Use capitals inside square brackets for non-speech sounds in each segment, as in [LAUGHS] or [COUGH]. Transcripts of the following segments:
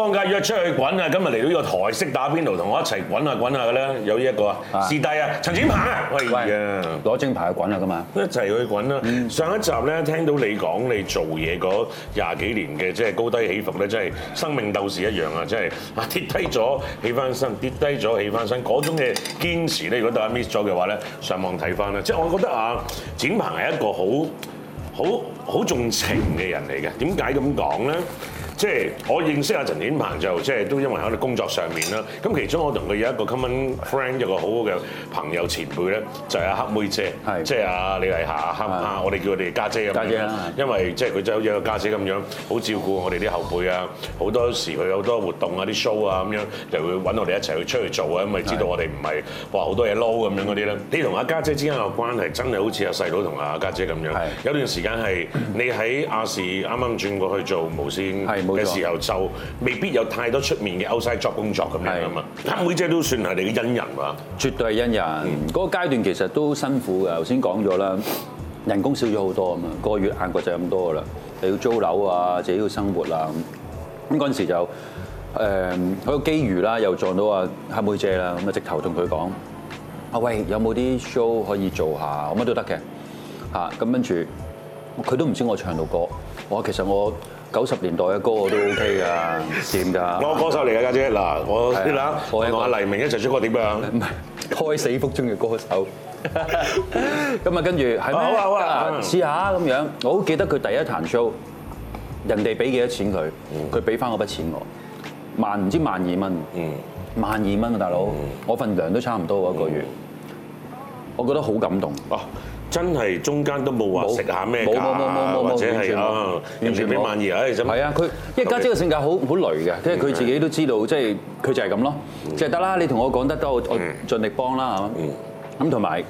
放假約出去滾啊！今日嚟到呢個台式打邊爐，同我一齊滾下滾下嘅咧，有呢一個啊！師弟啊，陳展鵬啊，喂啊，攞正牌去滾啊，咁啊，一齊去滾啦！上一集咧聽到你講你做嘢嗰廿幾年嘅即係高低起伏咧，真係生命鬥士一樣啊！真係啊，跌低咗起翻身，跌低咗起翻身，嗰種嘅堅持咧，如果大家 miss 咗嘅話咧，上網睇翻啦。即係我覺得啊，展鵬係一個好好好重情嘅人嚟嘅。點解咁講咧？即係、就是、我認識阿陳展鵬就即係都因為喺度工作上面啦。咁其中我同佢有一個 common friend，一個好好嘅朋友前輩咧，就係、是、阿黑妹姐，即係阿李麗霞啊，黑啊，是的 我哋叫佢哋家姐咁姐樣。家姐因為即係佢就好似一個家姐咁樣，好照顧我哋啲後輩啊。好多時佢有好多活動啊、啲 show 啊咁樣，就會揾我哋一齊去出去做啊，因為知道我哋唔係話好多嘢撈咁樣嗰啲咧。你同阿家姐之間嘅關係真係好似阿細佬同阿家姐咁樣。是的 有段時間係你喺亞視啱啱轉過去做無線。嘅沒錯 時候就未必有太多出面嘅 outside job 工作咁樣啊嘛，黑妹姐都算係你嘅恩人喎，絕對係恩人。嗰、嗯、個階段其實都辛苦㗎，頭先講咗啦，人工少咗好多啊嘛，個月硬過就咁多㗎啦，又要租樓啊，自己要生活啊咁。咁嗰陣時就誒好、呃那個機遇啦，又撞到阿黑妹姐啦，咁啊直頭同佢講：阿、嗯、喂，有冇啲 show 可以做下？咁乜都得嘅吓，咁跟住佢都唔知我唱到歌，我其實我。九十年代嘅歌我都 OK 噶，點噶？我歌手嚟㗎家姐嗱，我啲啦，我阿黎明一齊出過點樣？唔係胎死腹中嘅歌手。咁啊，跟住係咪？好啊，好啊，試下咁樣，我好記得佢第一壇 show，人哋俾幾多錢佢？佢俾翻嗰筆錢我，萬唔知萬二蚊，萬二蚊啊，大佬！我份糧都差唔多一個月。我覺得好感動。真係中間都冇話食下咩，冇冇冇冇冇冇啊，完全俾萬二，哎，咁。係啊，佢因為家姐嘅性格好好累嘅，即係佢自己都知道，即係佢就係咁咯，就係得啦。你同我講得多，我盡力幫啦嚇。咁同埋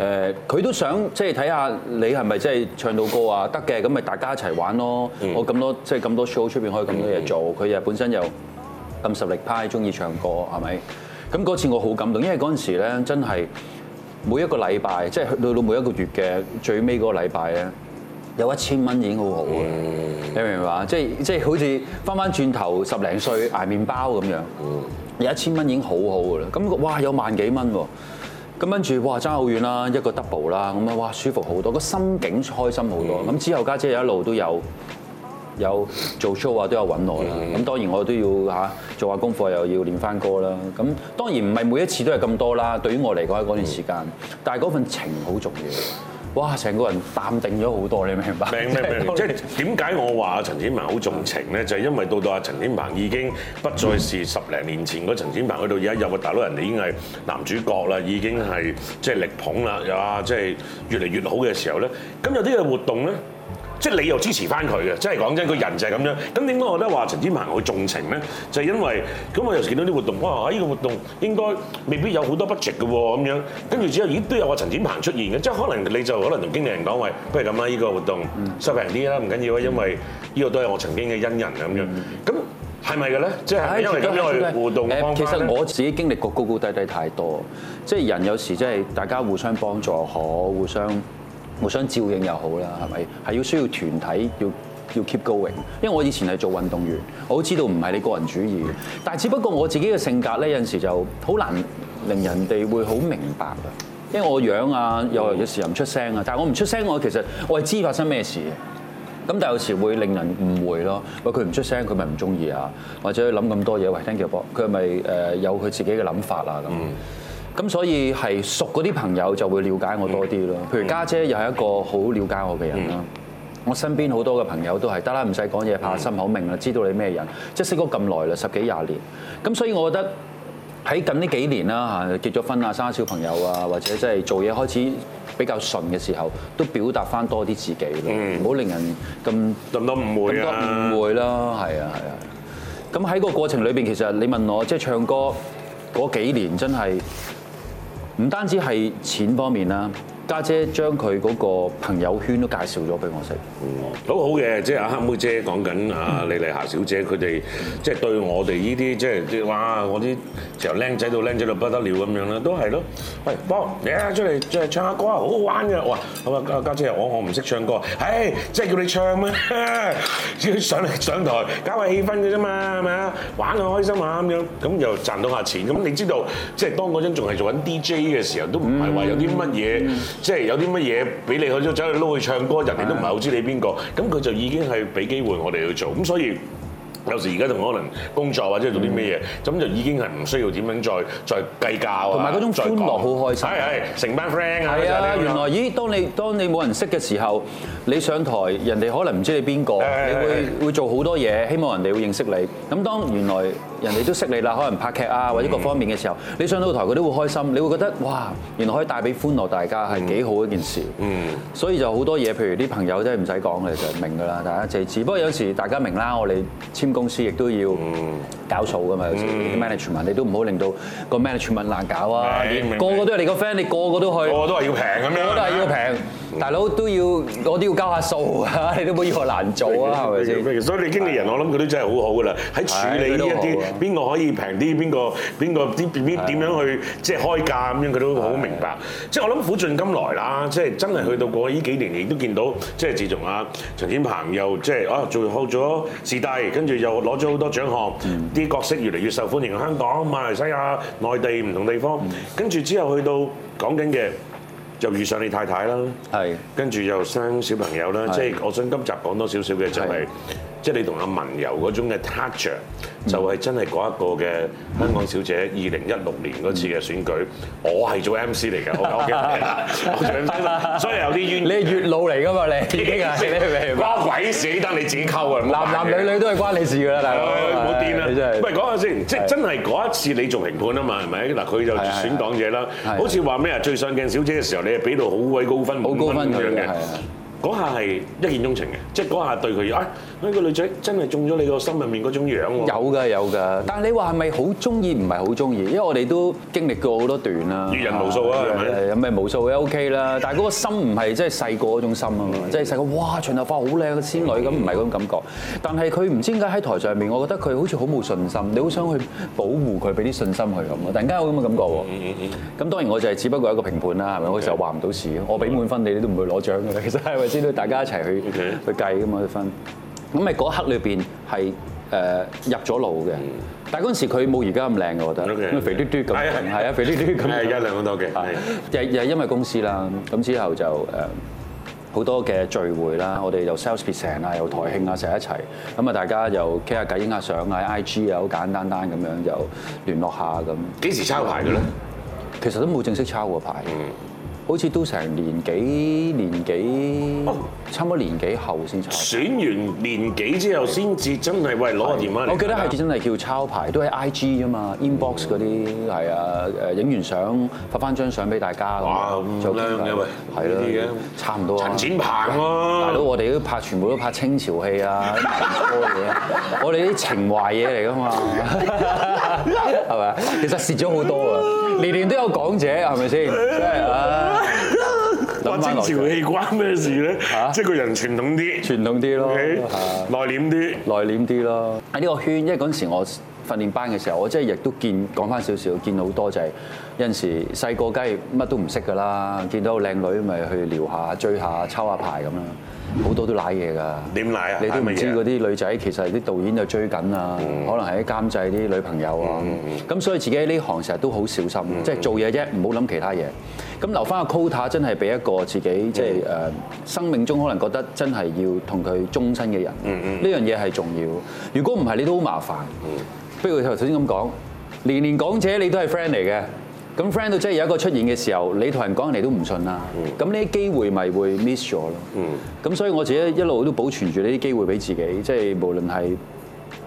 誒，佢都想即係睇下你係咪即係唱到歌啊？得嘅，咁咪大家一齊玩咯。我咁多即係咁多 show 出邊可以咁多嘢做，佢又本身又咁實力派，中意唱歌係咪？咁嗰次我好感動，因為嗰陣時咧真係。每一個禮拜，即係去到到每一個月嘅最尾嗰個禮拜咧，有一千蚊已經好好嘅，嗯、你明唔明白？即係即係好似翻翻轉頭十零歲捱麵包咁樣，有一千蚊已經好好嘅啦。咁哇有萬幾蚊喎，咁跟住哇爭好遠啦，一個 double 啦，咁啊哇舒服好多，個心境開心好多。咁、嗯、之後家姐一路都有。有做 show 啊，都有揾我啦。咁當然我都要嚇做下功課，又要練翻歌啦。咁當然唔係每一次都係咁多啦。對於我嚟講喺嗰段時間，嗯、但係嗰份情好重要。哇！成個人淡定咗好多，你明唔明白？明明即係點解我話陳展鵬好重情咧？是 就係因為到到阿陳展鵬已經不再是十零年前嗰陳展鵬，去到而家有個，大佬人哋已經係男主角啦，已經係即係力捧啦，又話，即係越嚟越好嘅時候咧。咁有啲嘅活動咧。即係你又支持翻佢嘅，即係講真，個人就係咁樣。咁點解我覺得話陳展鵬好重情咧，就係、因為咁我有時見到啲活動，哇！呢、這、依個活動應該未必有好多 budget 嘅喎，咁樣跟住之後，咦都有個陳展鵬出現嘅，即係可能你就可能同經理人講，喂，不如咁啦，呢、這個活動收平啲啦，唔緊要啊，因為呢個都係我曾經嘅恩人嘅咁樣。咁係咪嘅咧？即係因為咁樣嘅互動其實我自己經歷過高高低低，低太多，即係人有時即係大家互相幫助可互相。互相照應又好啦，係咪？係要需要團體，要要 keep going。因為我以前係做運動員，我知道唔係你個人主義。但係只不過我自己嘅性格咧，有陣時就好難令人哋會好明白㗎。因為我樣啊，又有時又唔出聲啊。但係我唔出聲，我其實我係知發生咩事嘅。咁但係有時會令人誤會咯。喂，佢唔出聲，佢咪唔中意啊？或者諗咁多嘢，喂，thank you 波，佢係咪誒有佢自己嘅諗法啊？咁、嗯。咁所以係熟嗰啲朋友就會了解我多啲咯。譬如家姐，姐又係一個好了解我嘅人啦。我身邊好多嘅朋友都係得啦，唔使講嘢，拍心口明啦，知道你咩人。即係識咗咁耐啦，十幾廿年。咁所以我覺得喺近呢幾年啦嚇，結咗婚啊，生小朋友啊，或者即係做嘢開始比較順嘅時候，都表達翻多啲自己咯，唔好令人咁咁、嗯、多誤會啦。誤會啦，係啊係啊。咁喺、啊啊啊、個過程裏邊，其實你問我即係、就是、唱歌嗰幾年真係～唔單止係錢方面啦。家姐將佢嗰個朋友圈都介紹咗俾我識。嗯，好好嘅，即係阿黑妹姐講緊阿李麗霞小姐，佢哋即係對我哋呢啲即係哇，我啲由僆仔到僆仔到不得了咁樣啦，都係咯。喂，波，你出嚟即係唱下歌，好好玩嘅。我話啊，家姐，姐，我我唔識唱歌，唉、哎，即係叫你唱啦， [LAUGHS] 上嚟上台搞下氣氛嘅啫嘛，係咪啊？玩下開心下咁樣，咁又賺到下錢。咁你知道，即係當嗰陣仲係做緊 DJ 嘅時候，都唔係話有啲乜嘢。即係有啲乜嘢俾你去走去撈去唱歌，人哋都唔係好知你邊個，咁佢是的 就已經係俾機會我哋去做，咁所以有時而家同可能工作或者做啲乜嘢，咁就已經係唔需要點樣再再計較，同埋嗰種歡樂好說開心，係係成班 friend 啊，係啊，對原來咦，當你當你冇人識嘅時候，你上台人哋可能唔知你邊個，你會會做好多嘢，希望人哋會認識你，咁當原來。人哋都識你啦，可能拍劇啊，或者各方面嘅時候，嗯、你上到台佢都會開心，你會覺得哇，原來可以帶俾歡樂大家係幾好一件事。嗯，所以就好多嘢，譬如啲朋友都係唔使講嘅就明㗎啦，大家知。只不過有時大家明啦，我哋簽公司亦都要搞數㗎嘛。有時啲 management 你都唔好令到個 management 難搞啊。個個都係你個 friend，你個個都去。個個都係要平咁樣。都係要平。大佬都要我都要交下數啊！你都冇要我難做啊，係咪先？所以你經理人，我諗佢都真係好好噶啦。喺處理呢一啲邊個可以平啲，邊個邊個啲點點樣去即係開價咁樣，佢都好明白。即係我諗苦盡甘來啦，即係真係去到過去呢幾年，亦都見到即係自從啊陳展鵬又即係啊做好咗視帝，跟住又攞咗好多獎項，啲角色越嚟越受歡迎，香港、馬來西亞、內地唔同地方，跟住之後去到港警嘅。就遇上你太太啦，係，跟住又生小朋友啦，即係是的 我想今集講多少少嘅就係、是。即係你同阿文柔嗰種嘅 touch，就係真係嗰一個嘅香港小姐二零一六年嗰次嘅選舉，我係做 MC 嚟㗎，我記得，所以有啲冤，你係月老嚟㗎嘛？你已經係關鬼事得你自己溝啊！男男女女都係關你事㗎啦，大佬，唔好癲啦，真係，喂，講下先，對，即係真係嗰一次你做評判啊嘛？係咪嗱？佢就選港姐啦，對對對對對，好似話咩啊？最上鏡小姐嘅時候，你係俾到好鬼高分，好高分咁樣嘅。嗰下係一見鐘情嘅，即係嗰下對佢啊，呢、哎呢個女仔真係中咗你個心入面嗰種樣喎。有㗎有㗎，但係你話係咪好中意唔係好中意？因為我哋都經歷過好多段啦，遇人無數啊，係咪對？有咩無數嘅 OK 啦，但係嗰個心唔係即係細個嗰種心啊嘛，即係細個哇長頭髮好靚嘅仙女咁，唔係嗰種感覺。的但係佢唔知點解喺台上面，我覺得佢好似好冇信心，你好想去保護佢，俾啲信心佢咁啊，突然間有咁嘅感覺喎、嗯。嗯咁、嗯、當然我就係只不過係一個評判啦，係咪？我嘅時候話唔到事，我俾滿分你，你都唔會攞獎㗎啦，其實大家一齊去去計咁去分，咁咪嗰刻裏邊係誒入咗腦嘅。但係嗰陣時佢冇而家咁靚嘅，我覺得肥嘟嘟咁，係啊、哎、肥嘟嘟咁，而家靚好多嘅，係又又係因為公司啦。咁之後就誒好、呃、多嘅聚會啦，我哋又 sales meeting 啊，又台慶啊，成一齊咁啊，大家又傾下偈、影下相啊、IG 啊，好簡單單咁樣就聯絡下咁。幾時抄牌嘅咧？其實都冇正式抄過牌。好似都成年幾年幾，啊、差唔多年幾後先查。選完年幾之後先至真係喂攞個電話嚟。我覺得係現在 真係叫抄牌，都係 IG 啊嘛 inbox 嗰啲係啊誒影完相發翻張相俾大家。哇咁就。嘅喂，係咯對，差唔多啊。陳展鵬啊，大佬我哋都拍全部都拍清朝戲啊多嘢，我哋啲情懷嘢嚟㗎嘛，係咪啊？其實蝕咗好多啊，年年都有港姐，係咪先？真係啊！話潮氣關咩事咧？啊、即係個人傳統啲，傳統啲咯，吧內斂啲，內斂啲咯。喺呢個圈，因為嗰陣時我訓練班嘅時候，我真係亦都見講翻少少，見到好多就係有陣時細個梗係乜都唔識噶啦，見到個靚女咪去撩下、追下、抽下牌咁樣。好多都賴嘢㗎，點賴啊？你都未知嗰啲女仔其實啲導演就追緊啊，嗯、可能係啲監製啲女朋友啊，咁、嗯嗯嗯、所以自己喺呢行成日都好小心，即係、嗯嗯、做嘢啫，唔好諗其他嘢。咁留翻個 quota 真係俾一個自己，即係誒生命中可能覺得真係要同佢終身嘅人，呢、嗯嗯、樣嘢係重要。如果唔係你都好麻煩。嗯、不如頭先咁講，年年港姐你都係 friend 嚟嘅。咁 friend 到即係有一個出現嘅時候，你同人講人哋都唔信啦。咁呢啲機會咪會 miss 咗咯。咁、嗯、所以我自己一路都保存住呢啲機會俾自己，即係無論係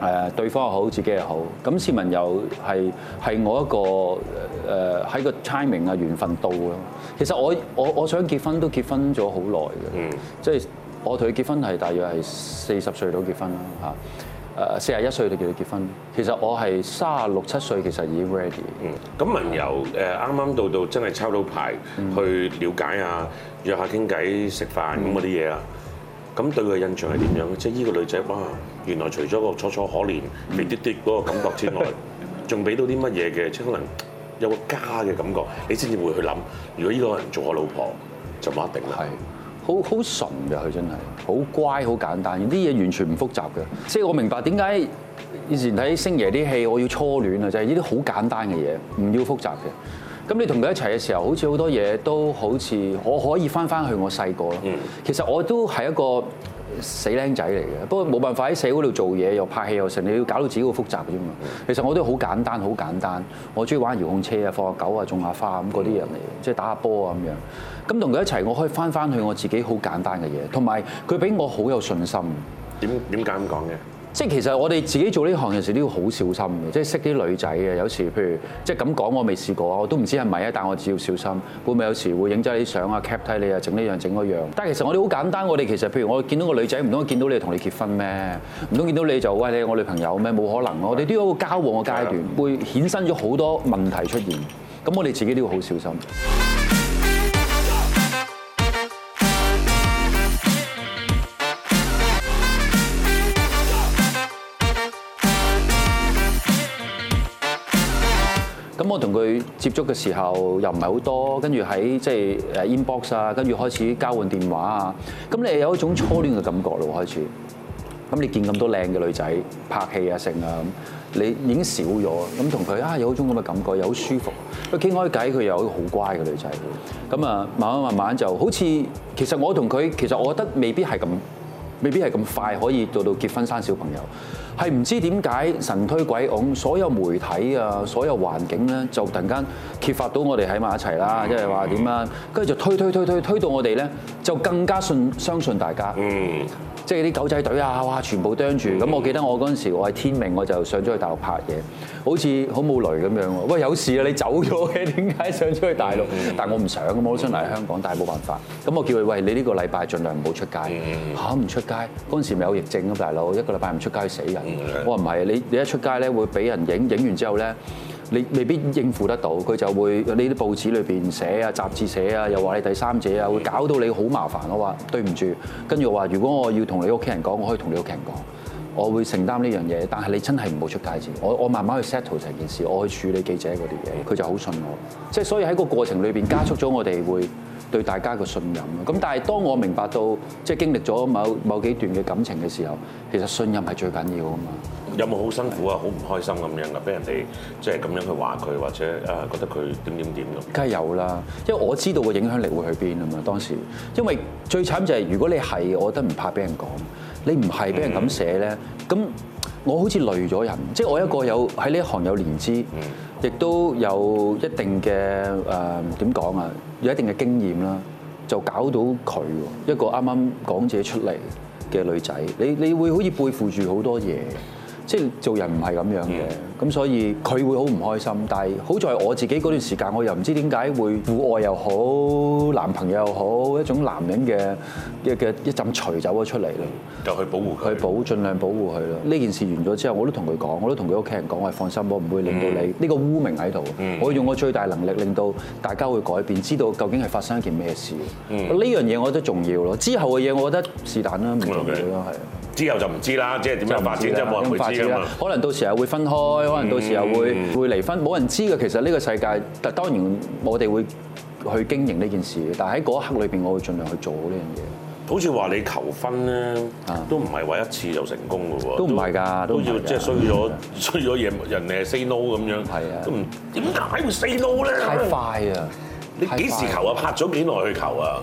誒對方又好，自己又好。咁文柔又係係我一個誒喺、呃、個 timing 啊，緣分到咯。其實我我我想結婚都結婚咗好耐嘅，即係、嗯、我同佢結婚係大約係四十歲到結婚啦嚇。誒四十一歲就叫佢結婚，其實我係三十六七歲，其實已經 ready。嗯，咁文柔誒啱啱到到真係抄到牌去了解啊，約下傾偈食飯咁嗰啲嘢啊，咁、嗯、對佢印象係點樣？即係呢個女仔哇，原來除咗個楚楚可憐、未嘟啲嗰個感覺之外，仲俾到啲乜嘢嘅？即係可能有個家嘅感覺，你先至會去諗，如果呢個人做我老婆就一定啦。好好純，㗎佢真係好乖，好簡單，啲嘢完全唔複雜嘅。即係我明白點解以前睇星爺啲戲，我要初戀啊，就係呢啲好簡單嘅嘢，唔要複雜嘅。咁你同佢一齊嘅時候，好似好多嘢都好似我可以翻翻去我細個咯。其實我都係一個。死僆仔嚟嘅，不過冇辦法喺社會度做嘢，又拍戲又成，你要搞到自己好複雜啫嘛。 [NOISE] 其實我都好簡單，好簡單。我中意玩遙控車啊，放下狗啊，種下花咁，嗰啲人嚟嘅，即係打下波啊咁樣。咁同佢一齊，我可以返返去我自己好簡單嘅嘢，同埋佢俾我好有信心。點點解咁講嘅？即係其實我哋自己做呢行，嘅時都要好小心嘅。即係識啲女仔嘅，有時譬如即係咁講，我未試過啊，我都唔知係咪啊，但我只要小心，會唔會有時會影咗啲相啊、cap 睇你啊、整呢樣整嗰樣？但係其實我哋好簡單，我哋其實譬如我見到個女仔唔通我見到你同你結婚咩？唔通見到你就喂你係我女朋友咩？冇可能，我哋都要一個交往嘅階段，會衍生咗好多問題出現。咁我哋自己都要好小心。同佢接觸嘅時候又唔係好多，跟住喺即係誒 inbox 啊，就是、in box，跟住開始交換電話啊，咁你有一種初戀嘅感覺咯，開始。咁你見咁多靚嘅女仔拍戲啊，成啊，咁你已經少咗，咁同佢啊有一種咁嘅感覺，又好舒服。佢傾開偈，佢又好乖嘅女仔。咁啊，慢慢慢慢就好似其實我同佢，其實我覺得未必係咁，未必係咁快可以到到結婚生小朋友。係唔知點解神推鬼拱，所有媒體啊，所有環境咧，就突然間揭發到我哋喺埋一齊啦，即係話點啦，跟住、嗯、就推推推推推到我哋咧，就更加信相信大家。嗯。即係啲狗仔隊啊，哇！全部釘住咁。Mm hmm. 我記得我嗰陣時，我係天明，我就上咗去大陸拍嘢，好似好冇雷咁樣喎。喂，有事啊？你走咗嘅？點解上咗去大陸？Mm hmm. 但我唔想咁，我都想嚟香港，但係冇辦法。咁我叫佢：喂，你呢個禮拜盡量唔好出街嚇，唔出街。嗰陣、mm hmm. 啊、時咪有疫症㗎，大佬一個禮拜唔出街死人。Mm hmm. 我話唔係啊，你你一出街咧會俾人影，影完之後咧。你未必應付得到，佢就會喺呢啲報紙裏邊寫啊、雜誌寫啊，又話你第三者啊，會搞到你好麻煩。我話對唔住，跟住我話如果我要同你屋企人講，我可以同你屋企人講。我會承擔呢樣嘢，但係你真係唔好出界線。我我慢慢去 settle 成件事，我去處理記者嗰啲嘢，佢就好信我。即係所以喺個過程裏邊加速咗我哋會對大家個信任。咁但係當我明白到即係經歷咗某某幾段嘅感情嘅時候，其實信任係最緊要啊嘛。有冇好辛苦啊？好唔的開心咁樣啊？俾人哋即係咁樣去話佢，或者啊覺得佢點點點咁？梗係有啦，因為我知道個影響力會去邊啊嘛。當時因為最慘就係如果你係，我覺得唔怕俾人講，你唔係俾人咁寫咧，咁我好似累咗人，即係我一個有喺呢行有年資，亦都有一定嘅誒點講啊，有一定嘅經驗啦，就搞到佢一個啱啱講者出嚟嘅女仔，你你會可以背負住好多嘢。即係做人唔係咁樣嘅，咁、嗯、所以佢會好唔開心。但係好在我自己嗰段時間，我又唔知點解會父愛又好，男朋友又好，一種男人嘅嘅嘅一陣除走咗出嚟啦。就去保護佢，去保，盡量保護佢啦。呢件事完咗之後，我都同佢講，我都同佢屋企人講，我放心，我唔會令到你呢、嗯、個污名喺度。我用我最大能力令到大家會改變，知道究竟係發生一件咩事。呢樣嘢我覺得重要咯。之後嘅嘢，我覺得是但啦，唔緊要啦，係。Okay. 之後就唔知啦，即係點樣、樣發展，即係冇人會知啦。可能到時候會分開，嗯、可能到時候會會離婚，冇人知嘅。其實呢個世界，但當然我哋會去經營呢件事，但係喺嗰一刻裏邊，我會盡量去做呢樣嘢。好似話你求婚咧，啊、都唔係話一次就成功嘅喎，都唔係㗎，都要即係衰咗衰咗嘢，嗯、人哋係 say no 咁樣，係啊的，都唔點解唔 say no 呢？太快啊！快你幾時求啊？拍咗幾耐去求啊？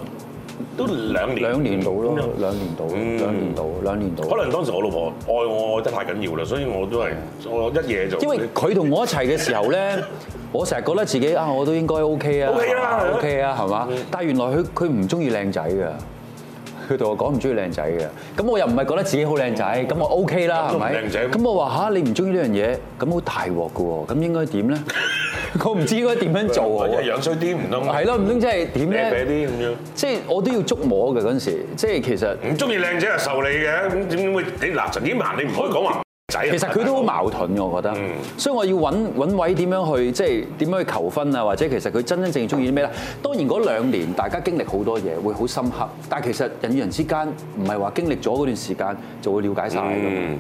都兩年兩年到咯，兩年到，兩年到，兩年到。可能當時我老婆愛我愛得太緊要啦，所以我都係的我一嘢做。因為佢同我一齊嘅時候咧， [LAUGHS] 我成日覺得自己啊，我都應該 OK 啊，OK 啊，係嘛的？Okay，但係原來佢佢唔中意靚仔㗎。佢同我講唔中意靚仔嘅，咁我又唔係覺得自己好靚仔，咁、嗯、我 OK 啦，係咪？咁吧我話吓、啊，你唔中意呢樣嘢，咁好大鑊㗎喎，咁應該，呢 [LAUGHS] 應該點咧？我唔知應該點樣做啊！即係樣衰啲唔通？係咯，唔通即係點咧？矮矮啲咁樣。即係我都要捉摸嘅嗰陣時，即係其實唔中意靚仔係受你嘅，咁點點會？你嗱陳展鵬，你唔可以講話。其實佢都好矛盾，我覺得，嗯、所以我要揾位點樣去，即係點樣去求婚啊，或者其實佢真真正正中意啲咩咧？當然嗰兩年大家經歷好多嘢，會好深刻。但係其實人與人之間唔係話經歷咗嗰段時間就會了解晒，㗎，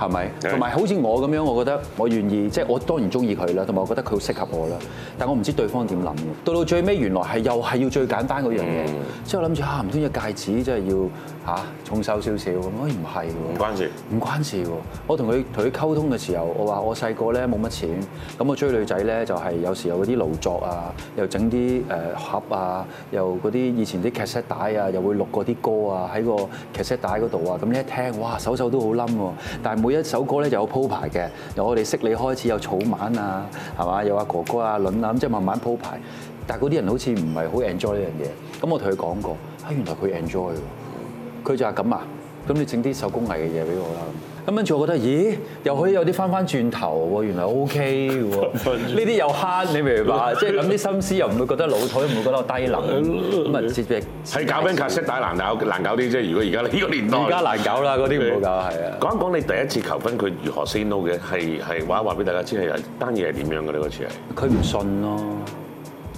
係咪、嗯？同埋好似我咁樣，我覺得我願意，即係我當然中意佢啦，同埋我覺得佢好適合我啦。但我唔知對方點諗。到到最尾，原來係又係要最簡單嗰樣嘢。即係、嗯、我諗住吓唔通隻戒指，真係要。嚇、啊、重瘦少少咁，唔係喎，唔關事，唔關事喎。我同佢同佢溝通嘅時候，我話我細個咧冇乜錢，咁我追女仔咧就係、是、有時候嗰啲勞作啊，又整啲誒盒啊，又嗰啲以前啲劇 set 帶啊，又會錄嗰啲歌啊喺個劇 set 帶嗰度啊。咁你一聽哇，首首都好冧喎，但係每一首歌咧就有鋪排嘅，由我哋識你開始有，有草蜢啊，係嘛，有阿哥哥啊、阿倫啊，咁即係慢慢鋪排。但係嗰啲人好似唔係好 enjoy 呢樣嘢。咁我同佢講過，啊原來佢 enjoy 喎。佢就係咁啊！咁你整啲手工藝嘅嘢俾我啦。咁跟住我覺得，咦？又可以有啲翻翻轉頭喎，原來 O K 喎。呢啲 [LAUGHS] 又慳，你明唔明啊？即係諗啲心思，又唔會覺得老土，唔會覺得低能。咁啊， [LAUGHS] 節約。喺膠片卡式大難搞，難搞啲啫。如果而家呢個年代，而家難搞啦，嗰啲唔好搞係啊。講一講你第一次求婚佢如何 say no 嘅，係係話話俾大家知係單嘢係點樣嘅呢？嗰次係佢唔信咯。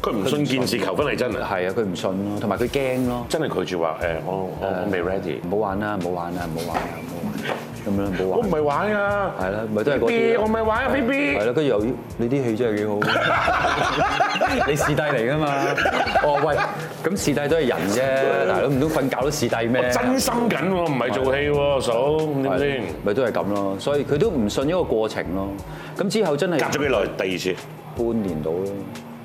佢唔信件事求婚係真，係啊！佢唔信咯，同埋佢驚咯。真係拒絕話誒，我我未 ready。唔好玩啦，唔好玩啦，唔好玩啦，唔好玩。咁樣唔好玩。我唔係玩啊。係啦，咪都係我唔係玩啊 B B。係啦，佢住又你啲戲真係幾好。你視帝嚟噶嘛？哦喂，咁視帝都係人啫，嗱，咁唔都瞓覺都視帝咩？真心緊喎，唔係做戲喎，嫂。係咪先？咪都係咁咯，所以佢都唔信一個過程咯。咁之後真係隔咗幾耐，第二次半年到咯。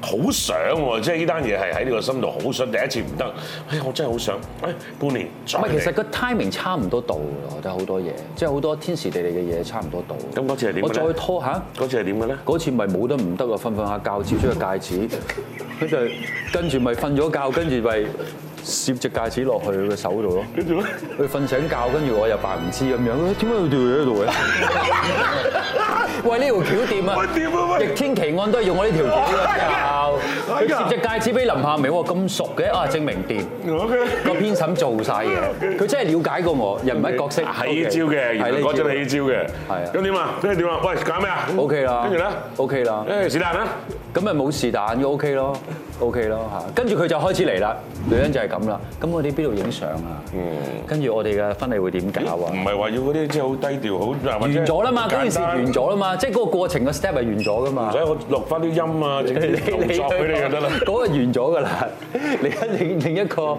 好想喎，即係呢單嘢係喺呢個心度好想，第一次唔得，哎，我真係好想，誒，半年再唔係其實個 timing 差唔多到咯，我覺得好多嘢，即係好多天時地利嘅嘢差唔多到。咁嗰、嗯、次係點我再拖、啊、下。嗰次係點嘅咧？嗰次咪冇得唔得喎，瞓瞓下覺，接住個戒指，跟住跟住咪瞓咗覺，跟住咪。攝隻戒指落去佢手度咯，跟住咧，佢瞓醒覺，跟住我又扮唔知咁樣，點解條嘢掉咗喺度嘅？喂，呢條橋掂啊！掂啊！逆天奇案都係用我呢條橋嚟搞。佢攝隻戒指俾林夏薇喎，咁熟嘅啊，證明掂。OK，個編審做晒嘢，佢真係了解過我人物角色係招嘅，然後嗰陣係呢招嘅，係。咁點啊？即係點啊？喂，搞咩啊？OK 啦，跟住咧，OK 啦。誒，是但啦，咁咪冇是但要 OK 咯。O.K. 咯嚇，跟住佢就開始嚟啦。女人就係咁啦。咁我哋邊度影相啊？跟住我哋嘅婚禮會點搞啊？唔係話要嗰啲即係好低調好完咗啦嘛，嗰陣時完咗啦嘛，即係嗰個過程嘅 step 係完咗噶嘛。所以我錄翻啲音啊，整啲動作俾你就得啦。嗰個完咗㗎啦，另一另另一個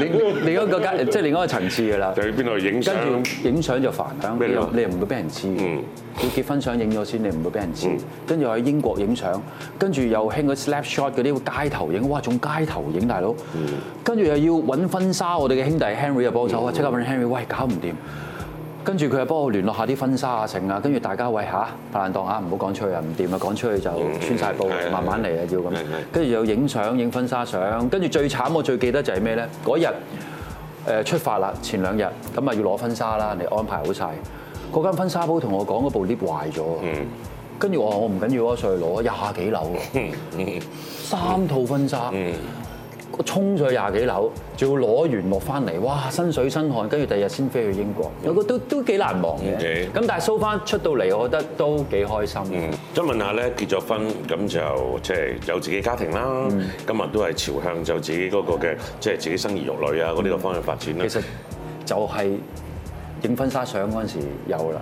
另另一個即係另一個層次㗎啦。就去邊度影相？跟住影相就煩啦。你又唔會俾人知。嗯。結婚相影咗先，你唔會俾人知。跟住去英國影相，跟住又興嗰 slap shot 嗰啲頭影，哇！仲街頭影，大佬，跟住、嗯、又要揾婚紗，我哋嘅兄弟 Henry 又幫手啊，即、嗯、刻揾 Henry，喂，搞唔掂？跟住佢又幫我聯絡下啲婚紗啊、成啊，跟住大家喂吓，拍爛檔吓，唔好講出去啊，唔掂啊，講出去就穿晒煲，嗯、慢慢嚟啊，要咁。跟住又影相，影婚紗相，跟住最慘，我最記得就係咩咧？嗰日誒出發啦，前兩日咁啊要攞婚紗啦，你安排好晒。嗰間婚紗鋪同我講嗰部 lift 壞咗啊。嗯跟住我話我唔緊要啊，上去攞廿幾樓，三套婚紗， [LAUGHS] 沖我衝咗廿幾樓，仲要攞完落翻嚟，哇，身水身汗，跟住第二日先飛去英國，我覺得 [LAUGHS] 都都幾難忘嘅。咁 Okay. 但係收翻出到嚟，我覺得都幾開心。想 [LAUGHS] 嗯、問下咧，結咗婚咁就即係、就是、有自己家庭啦，嗯、今日都係朝向就自己嗰、那個嘅即係自己生兒育女啊嗰呢個方向發展啦。 [LAUGHS] 其實就係、是。影婚紗相嗰陣時有啦，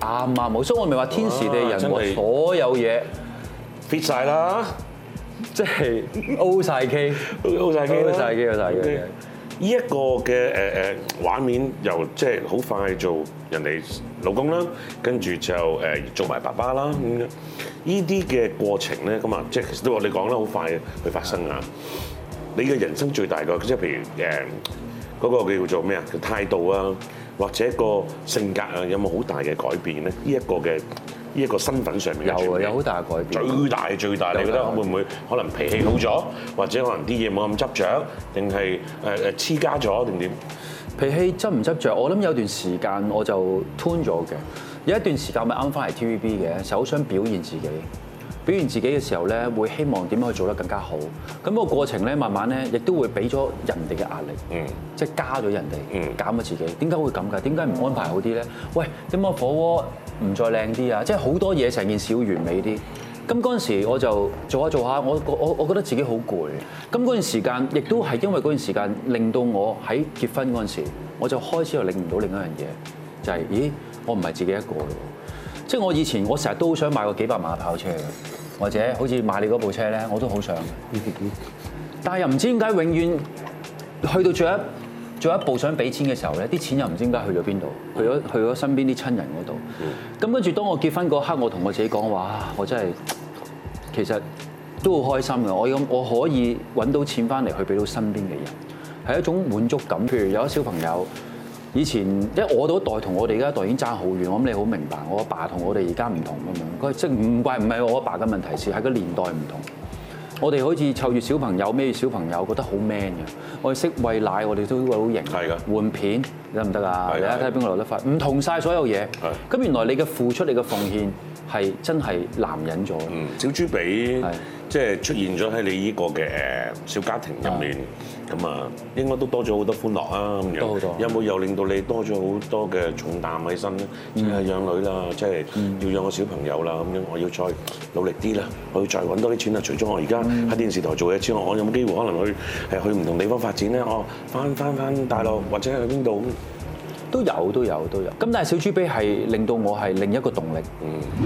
啱啱好，所以我咪話天時地人，的所有嘢 fit 晒啦，即係 O 晒 K，O 曬 K，O 曬 K，O 曬 K。呢一個嘅誒誒畫面由，由即係好快做人哋老公啦，跟住就誒做埋爸爸啦。呢啲嘅過程咧，咁啊，即係都我哋講啦，好快去發生啊！對 你嘅人生最大個，即係譬如誒。嗰個叫做咩啊？嘅態度啊，或者個性格啊，有冇好大嘅改變咧？呢一個嘅呢一個身份上面有啊，有好大嘅改變。最大最大，你覺得會唔會可能脾氣好咗， [LAUGHS] 或者可能啲嘢冇咁執着，定係誒誒黐家咗定點？脾氣執唔執着？我諗有段時間我就 tune 咗嘅，有一段時間咪啱翻嚟 TVB 嘅，就好、是、想表現自己。表現自己嘅時候咧，會希望點樣去做得更加好。咁個過程咧，慢慢咧，亦都會俾咗人哋嘅壓力，嗯、即係加咗人哋，嗯、減咗自己。點解會咁㗎？點解唔安排好啲咧？喂，點解火鍋唔再靚啲啊？即係好多嘢成件事會完美啲。咁嗰陣時我就做下做下，我我我覺得自己好攰。咁嗰段時間，亦都係因為嗰段時間，令到我喺結婚嗰陣時，我就開始又領悟到另一樣嘢，就係、是、咦，我唔係自己一個咯。即係我以前，我成日都好想買個幾百萬嘅跑車嘅，或者好似買你嗰部車咧，我都好想。但係又唔知點解，永遠去到最後最後一步想俾錢嘅時候咧，啲錢又唔知點解去咗邊度，去咗去咗身邊啲親人嗰度。咁跟住，當我結婚嗰刻，我同我自己講話，我真係其實都好開心嘅。我咁我可以揾到錢返嚟去俾到身邊嘅人，係一種滿足感。譬如有一小朋友。以前即係我嗰代同我哋而家代已經爭好遠，我諗你好明白。我阿爸，爸我同我哋而家唔同咁樣，即唔怪唔係我阿爸嘅問題，是喺個年代唔同。我哋好似湊住小朋友，孭住小朋友，覺得好 man 嘅。我哋識餵奶，我哋都好型，是的 換片。得唔得啊？睇下睇下邊個留得翻，唔同晒所有嘢。咁是的 原來你嘅付出、你嘅奉獻係真係難忍咗。小豬比即係出現咗喺你呢個嘅誒小家庭入面，咁啊是的 應該都多咗好多歡樂啊咁樣。多很多有冇又令到你多咗好多嘅重擔喺身咧？即係養女啦，嗯、即係要養個小朋友啦咁樣，我要再努力啲啦，我要再揾多啲錢啦。除咗我而家喺電視台做嘢之外，我有冇機會可能去誒去唔同地方發展咧？哦，返返返大陸或者去邊度？都有都有都有，咁但係小豬 B 係令到我係另一個動力，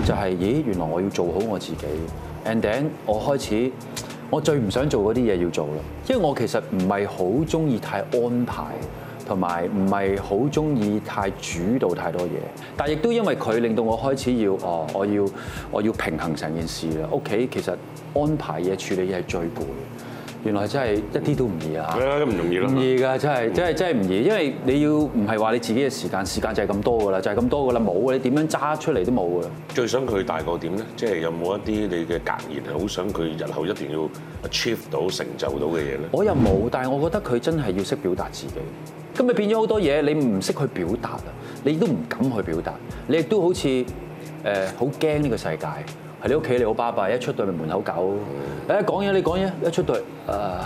就係、是、咦，原來我要做好我自己，and then 我開始我最唔想做嗰啲嘢要做咯，因為我其實唔係好中意太安排，同埋唔係好中意太主導太多嘢，但係亦都因為佢令到我開始要哦，我要我要平衡成件事啦，屋、okay，企其實安排嘢處理嘢係最攰。原來真係一啲都唔易啊！係啊，唔容易啦，唔易㗎，真係真係真係唔易，因為你要唔係話你自己嘅時間，時間就係咁多㗎啦，就係咁多㗎啦，冇嘅，你點樣揸出嚟都冇㗎啦。最想佢大個點咧？即係有冇一啲你嘅格言？係好想佢日後一定要 achieve 到成就到嘅嘢咧？我又冇，但係我覺得佢真係要識表達自己。今日變咗好多嘢，你唔識去表達啊，你都唔敢去表達，你亦都好似誒好驚呢個世界。喺你屋企你好巴閉，一出到咪門口搞。誒講嘢你講嘢，一出到誒，呃、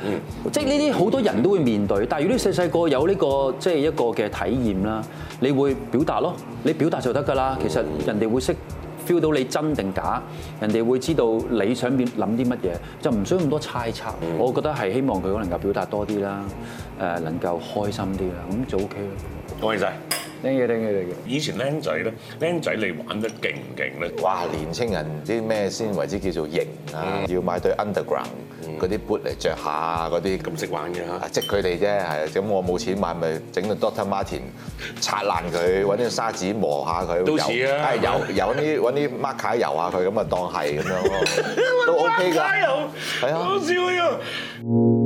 [LAUGHS] 即係呢啲好多人都會面對。但係如果細細個有呢個即係一個嘅體驗啦，你會表達咯，你表達就得㗎啦。其實人哋會識 feel 到你真定假，人哋會知道你想變諗啲乜嘢，就唔需要咁多猜測。我覺得係希望佢能夠表達多啲啦，誒能夠開心啲啦，咁就 OK 啦。恭喜晒，聽嘢聽嘢嚟嘅。以前僆仔咧，僆仔你玩得勁唔勁咧？哇，年青人啲咩先為之叫做型啊？嗯、要買對 Underground 嗰啲 boot 嚟着下嗰啲。咁識、嗯、玩嘅嚇。即佢哋啫，係。咁我冇錢買，咪整個 Doctor Marten 拆爛佢，揾啲砂紙磨下佢。都似啊有。係，有有啲揾啲 marker 油下佢，咁啊當係咁樣咯。都 OK 㗎。加油。係啊。